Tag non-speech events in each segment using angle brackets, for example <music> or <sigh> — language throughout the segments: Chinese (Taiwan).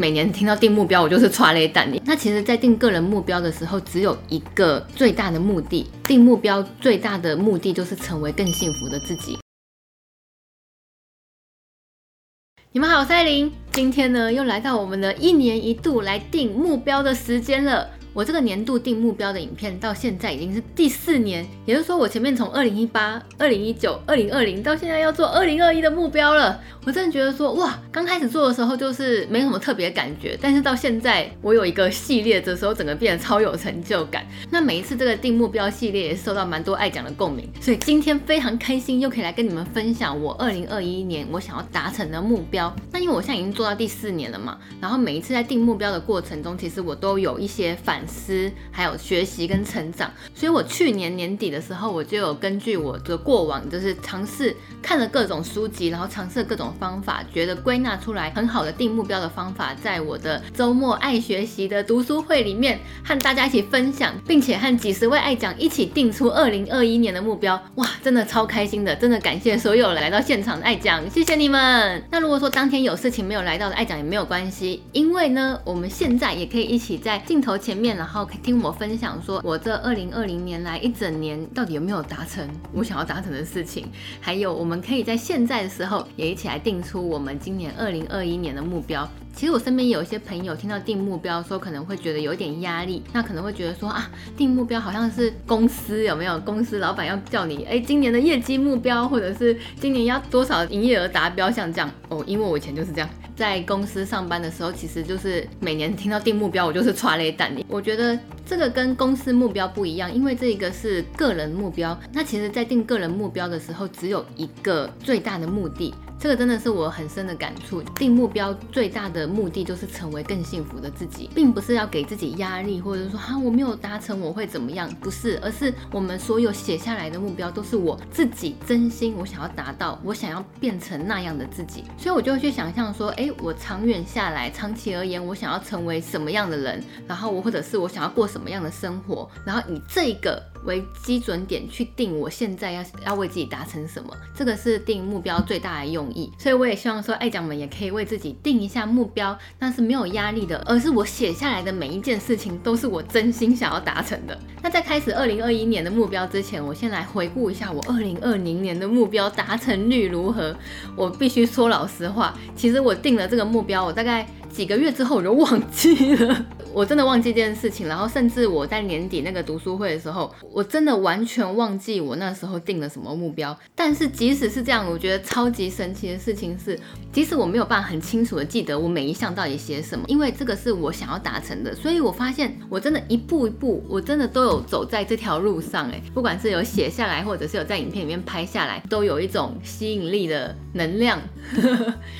每年聽到定目標，我就是抓雷蛋。你那其實，在定個人目標的時候，只有一個最大的目的，定目標最大的目的就是成為更幸福的自己。你們好，我是艾琳，今天呢又來到我們的一年一度來定目標的時間了。我這個年度定目標的影片到現在已經是第四年，也就是說我前面從二零一八、二零一九、二零二零到現在要做二零二一的目標了。我真的覺得說，哇，剛開始做的時候就是沒什麼特別感覺，但是到現在我有一個系列的時候，整個變得超有成就感。那每一次這個定目標系列也是受到蠻多艾醬的共鳴，所以今天非常開心又可以來跟你們分享我二零二一年我想要達成的目標。那因為我現在已經做到第四年了嘛，然後每一次在定目標的過程中，其實我都有一些反。反思，還有學習跟成長，所以我去年年底的時候，我就有根據我的過往，就是嘗試看了各種書籍，然後嘗試各種方法，覺得歸納出來很好的定目標的方法，在我的周末艾學習的讀書會裡面和大家一起分享，並且和幾十位艾醬一起定出二零二一年的目標。哇，真的超開心的，真的感謝所有來到現場的艾醬，謝謝你們。那如果說當天有事情沒有來到的艾醬也沒有關係，因為呢，我們現在也可以一起在鏡頭前面。然後可以聽我分享，說我這二零二零年來一整年到底有沒有達成我想要達成的事情，還有我們可以在現在的時候也一起來定出我們今年二零二一年的目標。其實我身邊有一些朋友聽到定目標的時候，可能會覺得有點壓力，那可能會覺得說啊，定目標好像是公司有沒有公司老板要叫你哎，今年的業績目標，或者是今年要多少營業額達標，像這樣哦。因為我以前就是這樣，在公司上班的時候，其實就是每年聽到定目標，我就是剉咧等你。我覺得這個跟公司目標不一樣，因為這一個是個人目標。那其實在定個人目標的時候，只有一個最大的目的。這個真的是我很深的感觸。定目標最大的目的就是成為更幸福的自己，並不是要給自己壓力，或者說哈，啊，我沒有達成我會怎麼樣，不是，而是我們所有寫下來的目標都是我自己真心我想要達到，我想要變成那樣的自己。所以我就會去想象說，誒，我長遠下來，長期而言，我想要成為什麼樣的人，然後我或者是我想要過什麼樣的生活，然後以這個。為基準點去定我現在要要為自己達成什麼，這個是定目標最大的用意。所以我也希望說，愛講們也可以為自己定一下目標，那是沒有壓力的，而是我寫下來的每一件事情都是我真心想要達成的。那在開始二零二一年的目標之前，我先來回顧一下我二零二零年的目標達成率如何。我必須說老實話，其實我定了這個目標，我大概。幾個月之後我就忘記了， <laughs> 我真的忘記這件事情。然後甚至我在年底那個讀書會的時候，我真的完全忘記我那時候定了什麼目標。但是即使是這樣，我覺得超級神奇的事情是，即使我沒有辦法很清楚的記得我每一項到底寫什麼，因為這個是我想要達成的，所以我發現我真的一步一步，我真的都有走在這條路上。誒，不管是有寫下來，或者是有在影片裡面拍下來，都有一種吸引力的能量。 <laughs>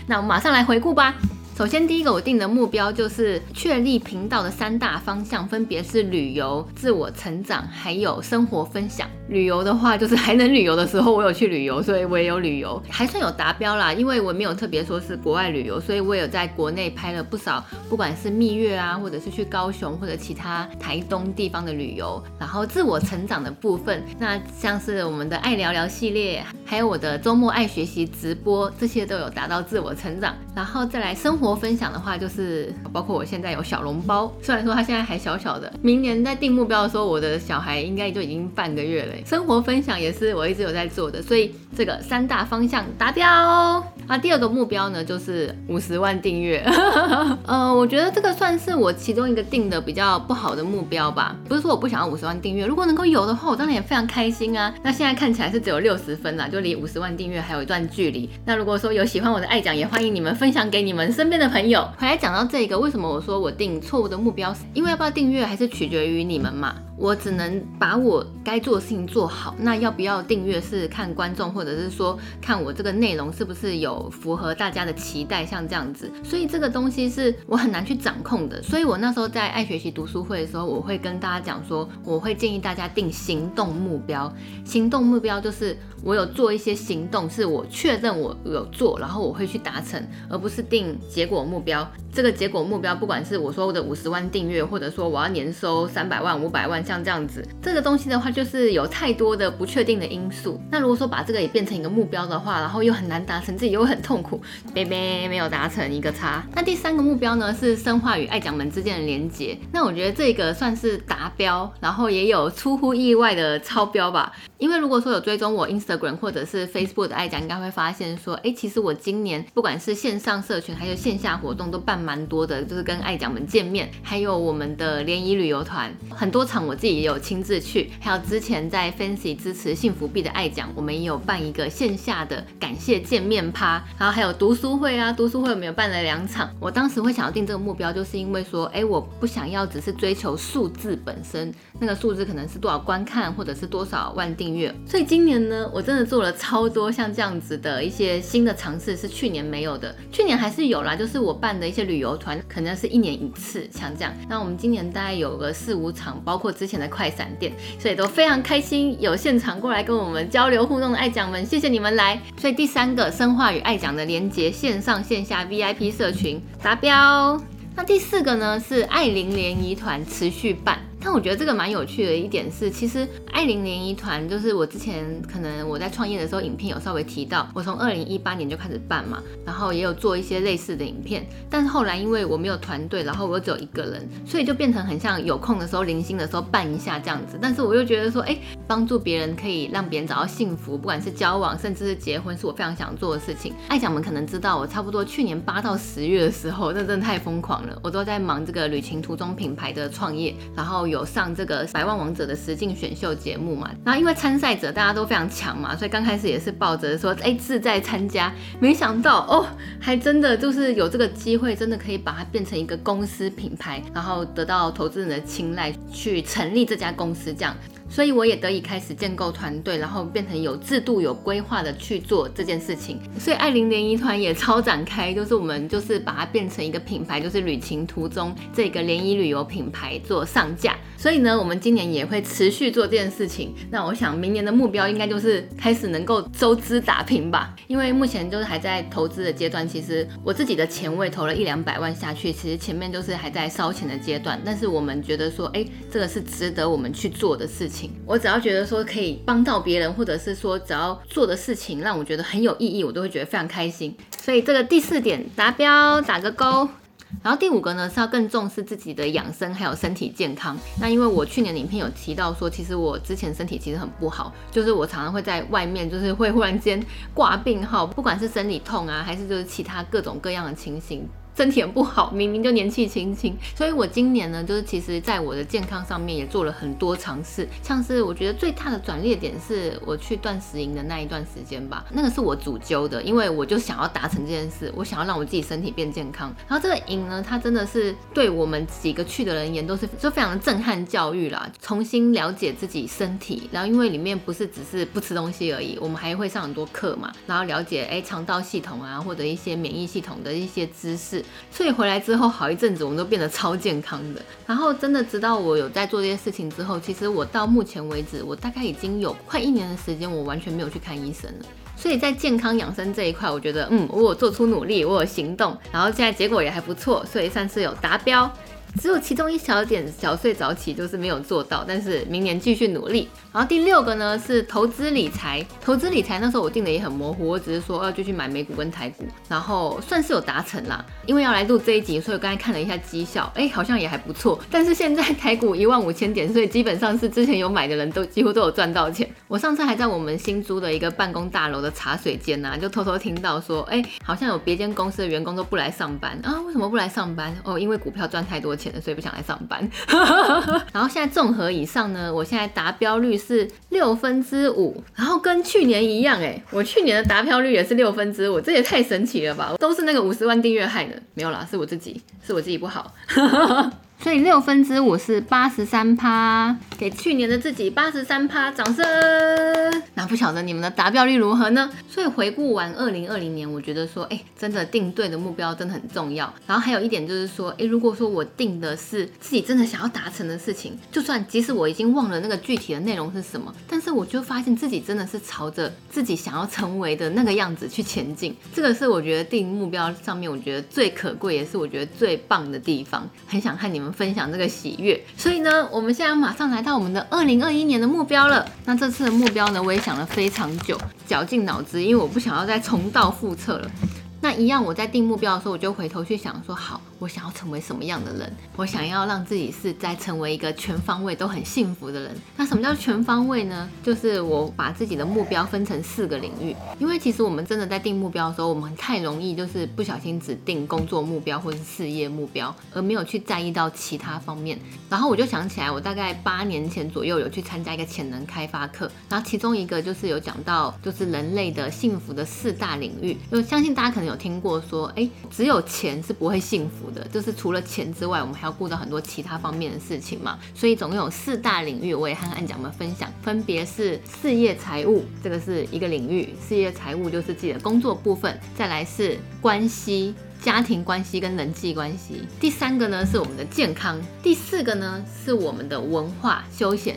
那我們馬上來回顧吧。首先，第一個我定的目標就是確立頻道的三大方向，分別是旅遊、自我成長，還有生活分享。旅遊的話，就是還能旅遊的時候，我有去旅遊，所以我也有旅遊，還算有達標啦。因為我沒有特別說是國外旅遊，所以我也有在國內拍了不少，不管是蜜月啊，或者是去高雄或者其他台東地方的旅遊。然後自我成長的部分，那像是我們的艾聊聊系列，還有我的周末艾學習直播，這些都有達到自我成長。然後再來生活分享的話，就是包括我現在有小籠包，雖然說它現在還小小的，明年在定目標的時候，我的小孩應該就已經半個月了。生活分享也是我一直有在做的，所以這個三大方向達標哦啊。第二個目標呢，就是五十萬訂閱。 <laughs> 呃，我覺得這個算是我其中一個定的比較不好的目標吧。不是說我不想要五十萬訂閱，如果能夠有的話，我當然也非常開心啊。那現在看起來是只有六十分啦，就離五十萬訂閱還有一段距離。那如果說有喜歡我的艾醬，也歡迎你們分享給你們身邊的朋友。回來講到這個，為什麼我說我定錯誤的目標？因為要不要訂閱還是取決於你們嘛。我只能把我該做的事情做好。那要不要訂閱是看觀眾，或者是說看我這個內容是不是有符合大家的期待，像這樣子。所以這個東西是我很難去掌控的。所以我那時候在愛學習讀書會的時候，我會跟大家講說，我會建議大家定行動目標。行動目標就是我有做一些行動，是我確認我有做，然後我會去達成，而不是定結果目標。這個結果目標，不管是我說我的五十萬訂閱，或者說我要年收三百萬、五百萬。像這樣子，這個東西的話，就是有太多的不確定的因素。那如果說把這個也變成一個目標的話，然後又很難達成，自己又很痛苦。沒沒沒有達成一個叉。那第三個目標呢，是深化與艾醬們之間的連接。那我覺得這個算是達標，然後也有出乎意外的超標吧。因為如果說有追蹤我 Instagram 或者是 Facebook 的艾醬，應該會發現說，哎、欸，其實我今年不管是線上社群還是線下活動，都辦蠻多的，就是跟艾醬們見面，還有我們的聯誼旅遊團，很多場我。自己也有親自去，還有之前在 Fancy 支持幸福幣的艾醬，我們也有辦一個線下的感謝見面趴，然後還有讀書會啊，讀書會我們有辦了兩場。我當時會想要定這個目標，就是因為說，哎，我不想要只是追求數字本身，那個數字可能是多少觀看或者是多少萬訂閱。所以今年呢，我真的做了超多像這樣子的一些新的嘗試，是去年沒有的。去年還是有啦，就是我辦的一些旅游團，可能是一年一次，像這樣。那我們今年大概有個四五場，包括之前前的快閃店，所以都非常開心，有現場過來跟我們交流互動的艾醬們，謝謝你們來。所以第三個，深化與艾醬的連接，線上線下 VIP 社群達標。那第四個呢，是艾琳聯誼團持續辦。但我覺得這個蠻有趣的一點是，其實。艾琳聯誼團就是我之前可能我在創業的時候，影片有稍微提到，我從二零一八年就開始辦嘛，然後也有做一些類似的影片，但是後來因為我沒有團隊，然後我只有一個人，所以就變成很像有空的時候、零星的時候辦一下這樣子。但是我又覺得說，哎、欸，幫助別人可以讓別人找到幸福，不管是交往甚至是結婚，是我非常想做的事情。艾醬們可能知道，我差不多去年八到十月的時候，那真的太瘋狂了，我都在忙這個旅情途中品牌的創業，然後有上這個百萬王者的實境選秀集節目嘛，然後因為參賽者大家都非常強嘛，所以剛開始也是抱着說，哎，志在參加。沒想到哦，還真的就是有這個機會，真的可以把它變成一個公司品牌，然後得到投資人的青睞，去成立這家公司這樣。所以我也得以開始建構團隊，然後變成有制度、有規劃的去做這件事情。所以艾琳聯誼團也超展開，就是我們就是把它變成一個品牌，就是旅行途中這個聯誼旅遊品牌做上架。所以呢，我們今年也會持續做這件事情。那我想明年的目標應該就是開始能夠收支打平吧，因為目前就是還在投資的階段。其實我自己的錢我也投了一兩百萬下去，其實前面就是還在燒錢的階段。但是我們覺得說，哎、欸，這個是值得我們去做的事情。我只要覺得說可以幫到別人，或者是說只要做的事情讓我覺得很有意義，我都會覺得非常開心。所以這個第四點達標，打個勾。然後第五個呢是要更重視自己的養生還有身體健康。那因為我去年影片有提到說，其實我之前身體其實很不好，就是我常常會在外面，就是會忽然間掛病號，不管是生理痛啊，還是就是其他各種各樣的情形。身體也不好，明明就年紀輕輕，所以我今年呢，就是其實在我的健康上面也做了很多嘗試，像是我覺得最大的轉捩點是我去斷食營的那一段時間吧，那個是我主揪的，因為我就想要達成這件事，我想要讓我自己身體變健康。然後這個營呢，它真的是對我們幾個去的人也都是就非常的震撼教育啦，重新了解自己身體，然後因為裡面不是只是不吃東西而已，我們還會上很多課嘛，然後了解哎腸道系統啊或者一些免疫系統的一些知識。所以回來之後好一陣子，我們都變得超健康的。然後真的，直到我有在做這些事情之後，其實我到目前為止，我大概已經有快一年的時間，我完全沒有去看醫生了。所以在健康養生這一塊，我覺得，嗯，我有做出努力，我有行動，然後現在結果也還不錯，所以算是有達標。只有其中一小點早睡早起就是沒有做到，但是明年繼續努力。然後第六個呢是投資理財，投資理財那時候我定的也很模糊，我只是說要繼續買美股跟台股，然後算是有達成啦。因為要來錄這一集，所以我剛才看了一下績效，哎、欸，好像也還不錯。但是現在台股一萬五千點，所以基本上是之前有買的人都幾乎都有賺到錢。我上次還在我們新租的一個辦公大樓的茶水間呢、啊，就偷偷聽到說，哎、欸，好像有別間公司的員工都不來上班啊？為什麼不來上班？哦，因為股票賺太多錢了，所以不想來上班。 <laughs> 然後現在綜合以上呢，我現在達標率是六分之五，6, 然後跟去年一樣、欸，哎，我去年的達標率也是六分之五，6, 這也太神奇了吧？都是那個五十萬訂閱害的，沒有啦，是我自己，是我自己不好。 <laughs> 所以六分之五是八十三趴，給去年的自己八十三趴掌聲。那不曉得你們的達標率如何呢？所以回顧完二零二零年，我覺得說，哎，真的定對的目標真的很重要。然後還有一點就是說，哎，如果說我定的是自己真的想要達成的事情，就算即使我已經忘了那個具體的內容是什麼，但是我就發現自己真的是朝着自己想要成為的那個樣子去前進。這個是我覺得定目標上面，我覺得最可貴也是我覺得最棒的地方。很想看你們。分享這個喜悅，所以呢，我們現在馬上來到我們的二零二一年的目標了。那這次的目標呢，我也想了非常久，絞盡腦汁，因為我不想要再重蹈覆轍了。那一樣，我在定目標的時候，我就回頭去想說，好，我想要成為什麼樣的人？我想要讓自己是在成為一個全方位都很幸福的人。那什麼叫全方位呢？就是我把自己的目標分成四個領域。因為其實我們真的在定目標的時候，我們很太容易就是不小心只定工作目標或是事業目標，而沒有去在意到其他方面。然後我就想起來，我大概八年前左右有去參加一個潛能開發課，然後其中一個就是有講到，就是人類的幸福的四大領域，就相信大家可能，有聽過說，誒、欸，只有錢是不會幸福的，就是除了錢之外，我們還要顧到很多其他方面的事情嘛。所以總共有四大領域，我也和艾醬們分享，分別是事業財務，這個是一個領域；事業財務就是自己的工作部分；再來是關係，家庭關係跟人際關係；第三個呢是我們的健康；第四個呢是我們的文化休閒。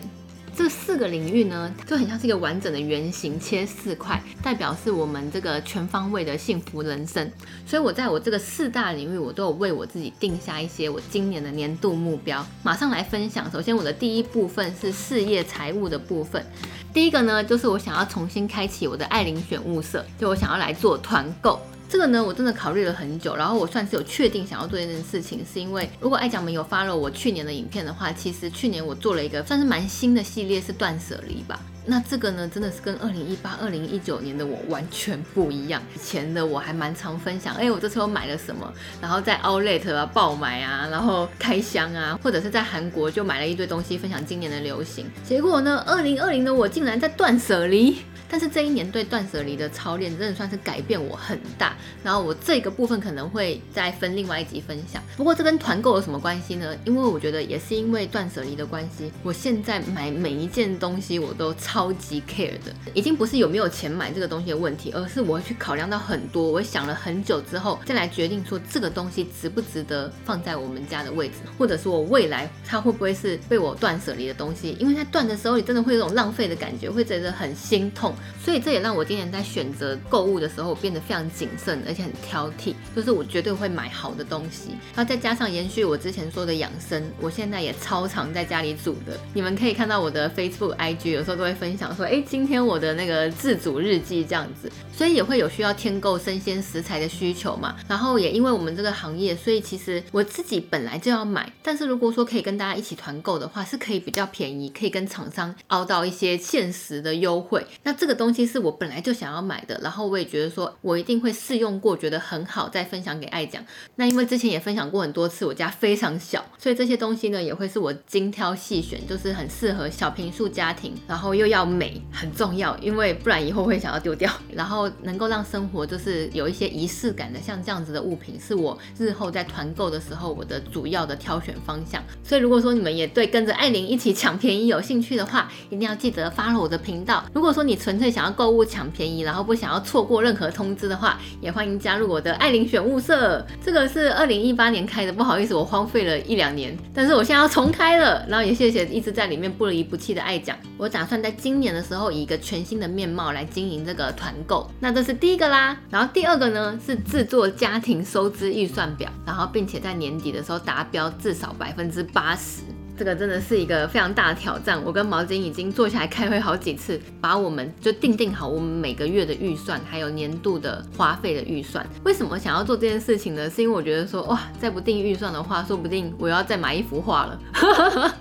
這四個領域呢，就很像是一個完整的圓形切四塊，代表是我們這個全方位的幸福人生。所以，我在我這個四大領域，我都有為我自己定下一些我今年的年度目標。馬上來分享。首先，我的第一部分是事業財務的部分。第一個呢，就是我想要重新開啟我的艾琳選物社，就我想要來做團購。這個呢，我真的考慮了很久，然後我算是有確定想要做一件事情，是因為如果艾醬們有 follow 我去年的影片的話，其實去年我做了一個算是蠻新的系列，是斷捨離吧。那這個呢，真的是跟二零一八、二零一九年的我完全不一樣。以前的我還蠻常分享，哎、欸，我這週買了什麼，然後在 Outlet 啊爆買啊，然後開箱啊，或者是在韓國就買了一堆東西分享今年的流行。結果呢，二零二零的我竟然在斷捨離。但是這一年對斷捨離的操練真的算是改變我很大，然後我這個部分可能會再分另外一集分享。不過這跟團購有什麼關係呢？因為我覺得也是因為斷捨離的關係，我現在買每一件東西我都超級 care 的，已經不是有沒有錢買這個東西的問題，而是我會去考量到很多，我想了很久之後再來決定說這個東西值不值得放在我們家的位置，或者說我未來它會不會是被我斷捨離的東西？因為它斷的時候你真的會有這種浪費的感覺，會覺得很心痛。所以這也讓我今年在選擇購物的時候變得非常謹慎，而且很挑剔，就是我絕對會買好的東西。然後再加上延續我之前說的養生，我現在也超常在家裡煮的。你們可以看到我的 Facebook IG，有時候都會分享說，哎，今天我的那個自主日記這樣子。所以也會有需要添購生鮮食材的需求嘛。然後也因為我們這個行業，所以其實我自己本來就要買，但是如果說可以跟大家一起團購的話，是可以比較便宜，可以跟廠商凹到一些限時的優惠。那這個。這個東西是我本來就想要買的，然後我也覺得說我一定會試用過，覺得很好再分享給艾醬。那因為之前也分享過很多次，我家非常小，所以這些東西呢也會是我精挑細選，就是很適合小坪數家庭，然後又要美，很重要，因為不然以後會想要丟掉。然後能夠讓生活就是有一些儀式感的，像這樣子的物品，是我日後在團購的時候我的主要的挑選方向。所以如果說你們也對跟着艾琳一起搶便宜有興趣的話，一定要記得 follow 我的頻道。如果說你存純粹想要購物搶便宜，然後不想要錯過任何通知的話，也歡迎加入我的艾琳選物社。這個是二零一八年開的，不好意思，我荒廢了一兩年，但是我現在要重開了。然後也謝謝一直在裡面不離不棄的艾醬，我打算在今年的時候以一個全新的面貌來經營這個團購。那這是第一個啦，然後第二個呢是製作家庭收支預算表，然後並且在年底的時候達標至少百分之八十。這個真的是一個非常大的挑戰。我跟毛巾已經坐下來開會好幾次，把我們就定定好我們每個月的預算，還有年度的花費的預算。為什麼想要做這件事情呢？是因為我覺得說，哇，再不定預算的話，說不定我要再買一幅畫了。 <laughs>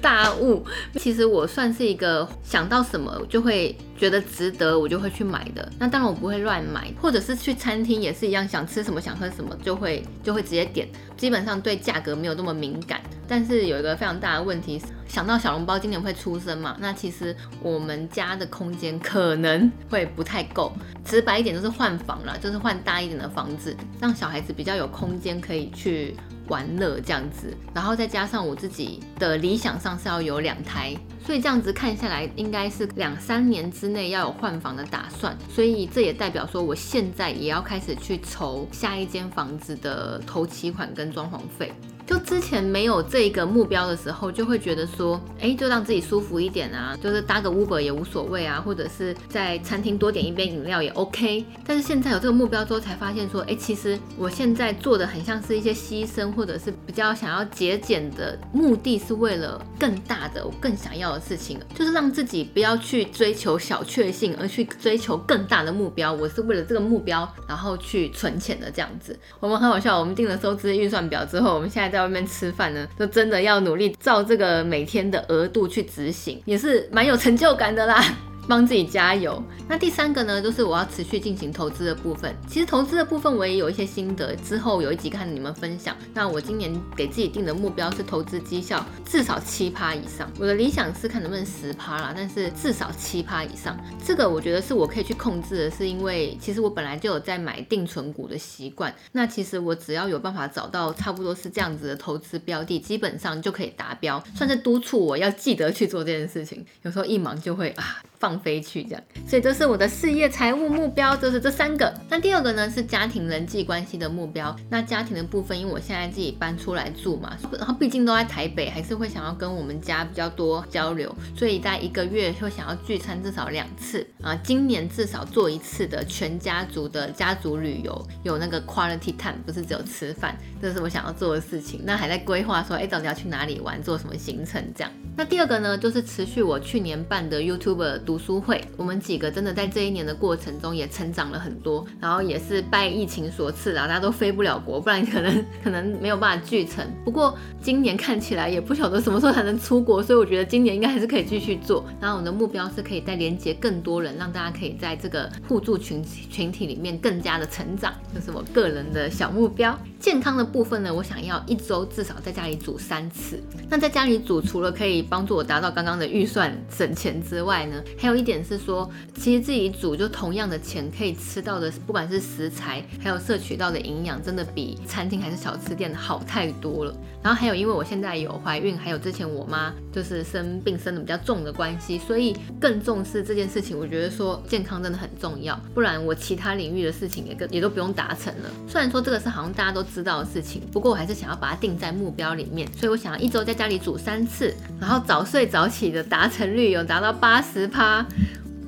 大霧。其實我算是一個想到什麼就會。覺得值得，我就會去買的。那當然我不會亂買，或者是去餐廳也是一樣，想吃什麼想喝什麼就會就會直接點。基本上對價格沒有這麼敏感。但是有一個非常大的問題，想到小籠包今年會出生嘛，那其實我們家的空間可能會不太夠。直白一點就是換房了，就是換大一點的房子，讓小孩子比較有空間可以去玩樂這樣子，然後再加上我自己的理想上是要有兩胎，所以這樣子看下來，應該是兩三年之內要有換房的打算，所以這也代表說，我現在也要開始去籌下一間房子的頭期款跟裝潢費。就之前沒有這個目標的時候，就會覺得說，哎、欸，就讓自己舒服一點啊，就是搭個 Uber 也無所謂啊，或者是在餐廳多點一杯飲料也 OK。但是現在有這個目標之後，才發現說，哎、欸，其實我現在做的很像是一些犧牲，或者是比較想要節儉的目的，是為了更大的我更想要的事情，就是讓自己不要去追求小確幸，而去追求更大的目標。我是為了這個目標，然後去存錢的這樣子。我們很好笑，我們定了收支預算表之後，我們現在在。在外面吃飯呢，就真的要努力照這個每天的額度去執行，也是蠻有成就感的啦。幫自己加油。那第三個呢，就是我要持續進行投資的部分。其實投資的部分我也有一些心得，之後有一集看你們分享。那我今年給自己定的目標是投資績效至少七趴以上，我的理想是看能不能十趴啦，但是至少七趴以上，這個我覺得是我可以去控制的，是因為其實我本來就有在買定存股的習慣。那其實我只要有辦法找到差不多是這樣子的投資標的，基本上就可以達標，算是督促我要記得去做這件事情。有時候一忙就會啊。放飛去這樣，所以這是我的事業財務目標，就是這三個。那第二個呢，是家庭人際關係的目標。那家庭的部分，因為我現在自己搬出來住嘛，然後畢竟都在台北，還是會想要跟我們家比較多交流，所以在一個月會想要聚餐至少兩次啊。今年至少做一次的全家族的家族旅遊，有那個 quality time，不是只有吃飯，這、就是我想要做的事情。那還在規劃說，哎、欸，到底要去哪裡玩，做什麼行程這樣。那第二個呢，就是持續我去年辦的 YouTube。讀書會，我們幾個真的在這一年的過程中也成長了很多，然後也是拜疫情所賜啦，大家都飛不了國，不然可能可能沒有辦法聚成。不過今年看起來也不曉得什麼時候才能出國，所以我覺得今年應該還是可以繼續做。然後我的目標是可以再連接更多人，讓大家可以在這個互助群群體裡面更加的成長，這，就是我個人的小目標。健康的部分呢，我想要一周至少在家裡煮三次。那在家裡煮除了可以幫助我達到剛剛的預算省錢之外呢，還有一點是說，其實自己煮就同樣的錢可以吃到的，不管是食材還有攝取到的營養，真的比餐廳還是小吃店的好太多了。然後還有，因為我現在有懷孕，還有之前我媽就是生病生的比較重的關係，所以更重視這件事情。我覺得說健康真的很重要，不然我其他領域的事情也更、也都不用達成了。雖然說這個是好像大家都知道的事情，不過我還是想要把它定在目標裡面。所以我想要一周在家裡煮三次，然後早睡早起的達成率有達到百分之八十。啊，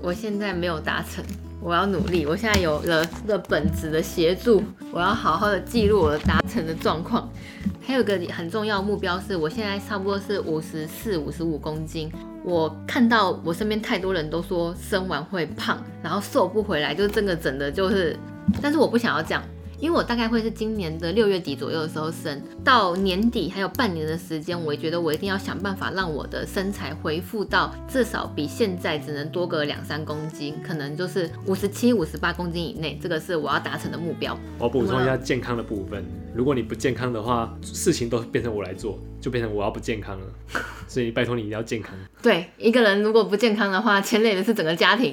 我現在沒有達成，我要努力。我現在有了、了本的本子的協助，我要好好的記錄我的達成的狀況。還有一個很重要的目標是，我現在差不多是五十四、五十五公斤。我看到我身邊太多人都說生完會胖，然後瘦不回來，就是整個整的，就是，但是我不想要這樣。因為我大概會是今年的六月底左右的時候生，到年底還有半年的時間，我也覺得我一定要想辦法讓我的身材恢復到至少比現在只能多個兩三公斤，可能就是五十七、五十八公斤以內，這個是我要達成的目標。我補充一下健康的部分，嗯。如果你不健康的話，事情都變成我來做。就變成我要不健康了，所以拜託你一定要健康。 <laughs> 對，一個人如果不健康的話，牽累的是整個家庭。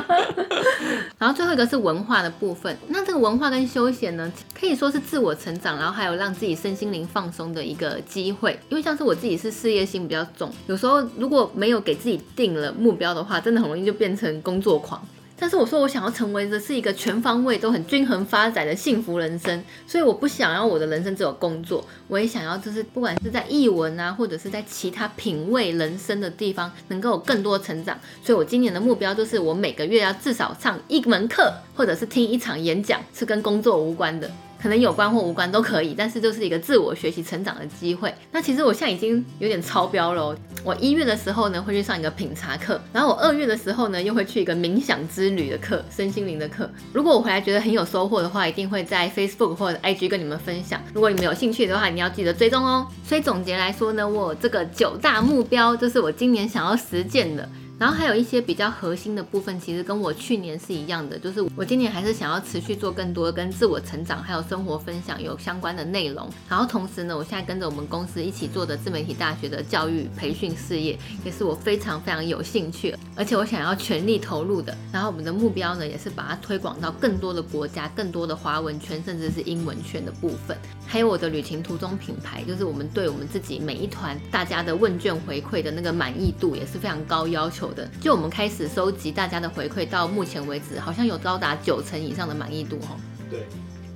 <laughs> 然後最後一個是文化的部分，那這個文化跟休閒呢，可以說是自我成長，然後還有讓自己身心靈放鬆的一個機會。因為像是我自己是事業心比較重，有時候如果沒有給自己定了目標的話，真的很容易就變成工作狂。但是我說，我想要成為的是一個全方位都很均衡發展的幸福人生，所以我不想要我的人生只有工作。我也想要，就是不管是在藝文啊，或者是在其他品味人生的地方，能夠有更多成長。所以我今年的目標就是，我每個月要至少上一門課，或者是聽一場演講，是跟工作無關的。可能有關或無關都可以，但是就是一個自我學習成長的機會。那其實我現在已經有點超標了喔。我一月的時候呢，會去上一個品茶課，然後我二月的時候呢，又會去一個冥想之旅的課，身心靈的課。如果我回來覺得很有收穫的話，一定會在 Facebook 或者 IG 跟你們分享。如果你們有興趣的話，你要記得追蹤喔。所以總結來說呢，我這個九大目標就是我今年想要實踐的。然後還有一些比較核心的部分，其實跟我去年是一樣的，就是我今年還是想要持續做更多的跟自我成長還有生活分享有相關的內容。然後同時呢，我現在跟着我們公司一起做的自媒體大學的教育培訓事業，也是我非常非常有興趣，而且我想要全力投入的。然後我們的目標呢，也是把它推廣到更多的國家、更多的華文圈甚至是英文圈的部分。還有我的旅情途中品牌，就是我們對我們自己每一團大家的問卷回饋的那個滿意度也是非常高要求。就我們開始收集大家的回饋，到目前為止好像有高達九成以上的滿意度，對。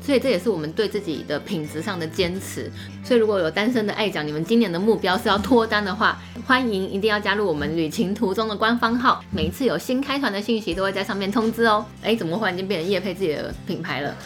所以這也是我們對自己的品質上的堅持。所以如果有單身的艾醬，你們今年的目標是要脫單的話，歡迎一定要加入我們旅情途中的官方號，每一次有新開團的信息都會在上面通知哦。哎，怎麼忽然間變成業配自己的品牌了？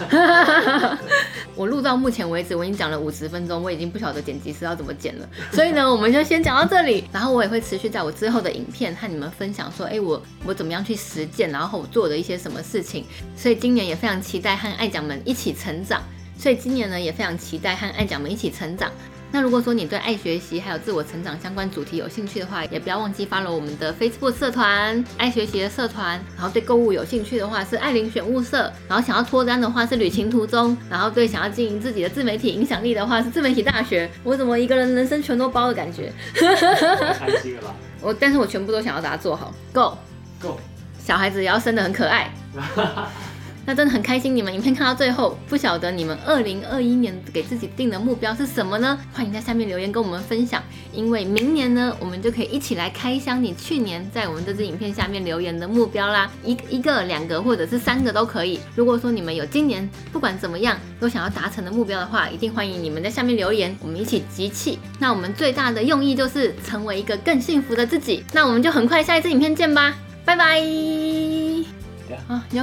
我錄到目前為止，我已經講了五十分鐘，我已經不曉得剪輯師要怎麼剪了。所以呢，我們就先講到這裡，然後我也會持續在我之後的影片和你們分享說，哎，我我怎麼樣去實踐，然後我做的一些什麼事情。所以今年也非常期待和艾醬們一起。成長，所以今年呢也非常期待和艾醬們一起成長。那如果說你對艾學習還有自我成長相關主題有興趣的話，也不要忘記 follow 我們的 Facebook 社團“艾學習”的社團。然後對購物有興趣的話是“艾琳選物社”，然後想要脫單的話是“旅情途中”，然後對想要經營自己的自媒體影響力的話是“自媒體大學”。我怎麼一個人人生全都包的感覺？太幸了。我，但是我全部都想要把它做好。Go Go。小孩子也要生得很可愛。 <laughs> 那真的很開心，你們影片看到最後，不曉得你們二零二一年給自己定的目標是什麼呢？歡迎在下面留言跟我們分享，因為明年呢，我們就可以一起來開箱你去年在我們這支影片下面留言的目標啦，一一個、兩個或者是三個都可以。如果說你們有今年不管怎麼樣都想要達成的目標的話，一定歡迎你們在下面留言，我們一起集氣。那我們最大的用意就是成為一個更幸福的自己。那我們就很快下一支影片見吧，拜拜。Yeah. 啊，你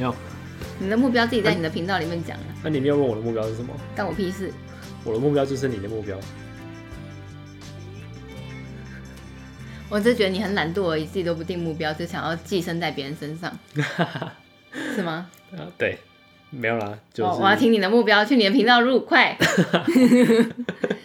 要你的目標自己在你的頻道裡面講、啊啊、那你沒有問我的目標是什麼？幹我屁事！我的目標就是你的目標。我只是覺得你很懶惰而已，自己都不定目標，就想要寄生在別人身上， <laughs> 是嗎？對，沒有啦，就是哦、我要聽你的目標，去你的頻道入快。 <laughs> <laughs>